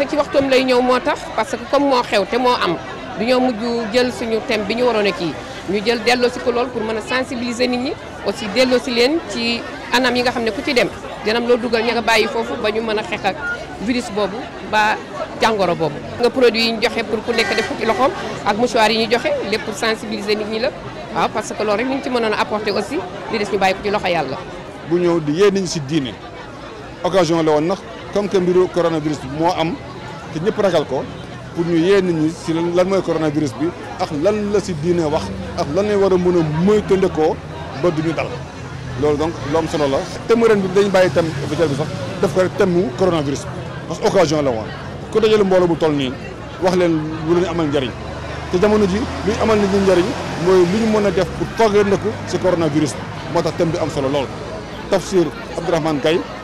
commencé ci waxtoom lay ñëw moo tax parce que comme moo xew te moo am dañoo mujj jël suñu thème bi ñu waroon a kii ñu jël delloo si ko pour mën a sensibiliser nit ñi aussi delloo si leen ci anam yi nga xam ne ku ci dem dinam loo dugal ña nga bàyyi foofu ba ñu mën a xeex ak virus boobu ba jàngoro boobu nga produit yi ñu joxe pour ku nekk def ko ci loxoom ak mouchoir yi ñu joxe lépp pour sensibiliser nit ñi la waaw parce que loolu rek li ñu ci mënoon a apporter aussi li des ñu bàyyi ko ci loxo yàlla bu ñëw di yee nañ si diine occasion la woon nag comme que mbiru coronavirus bi moo am te ñëpp ragal ko pour ñu silang nit ñi si lan mooy coronavirus bi ak lan la si diine wax ak lan lay war a mën a moytandikoo ba duñu dal loolu donc lu solo la thème ren bi dañ bàyyi thème officiel bi sax def ko rek coronavirus parce que occasion la woon ku dajale mbooloo bu toll nii wax leen lu leen amal njariñ te jamono ji luñ amal nit njariñ def pour coronavirus moo tax bi am solo lool tafsir abdourahmane gaye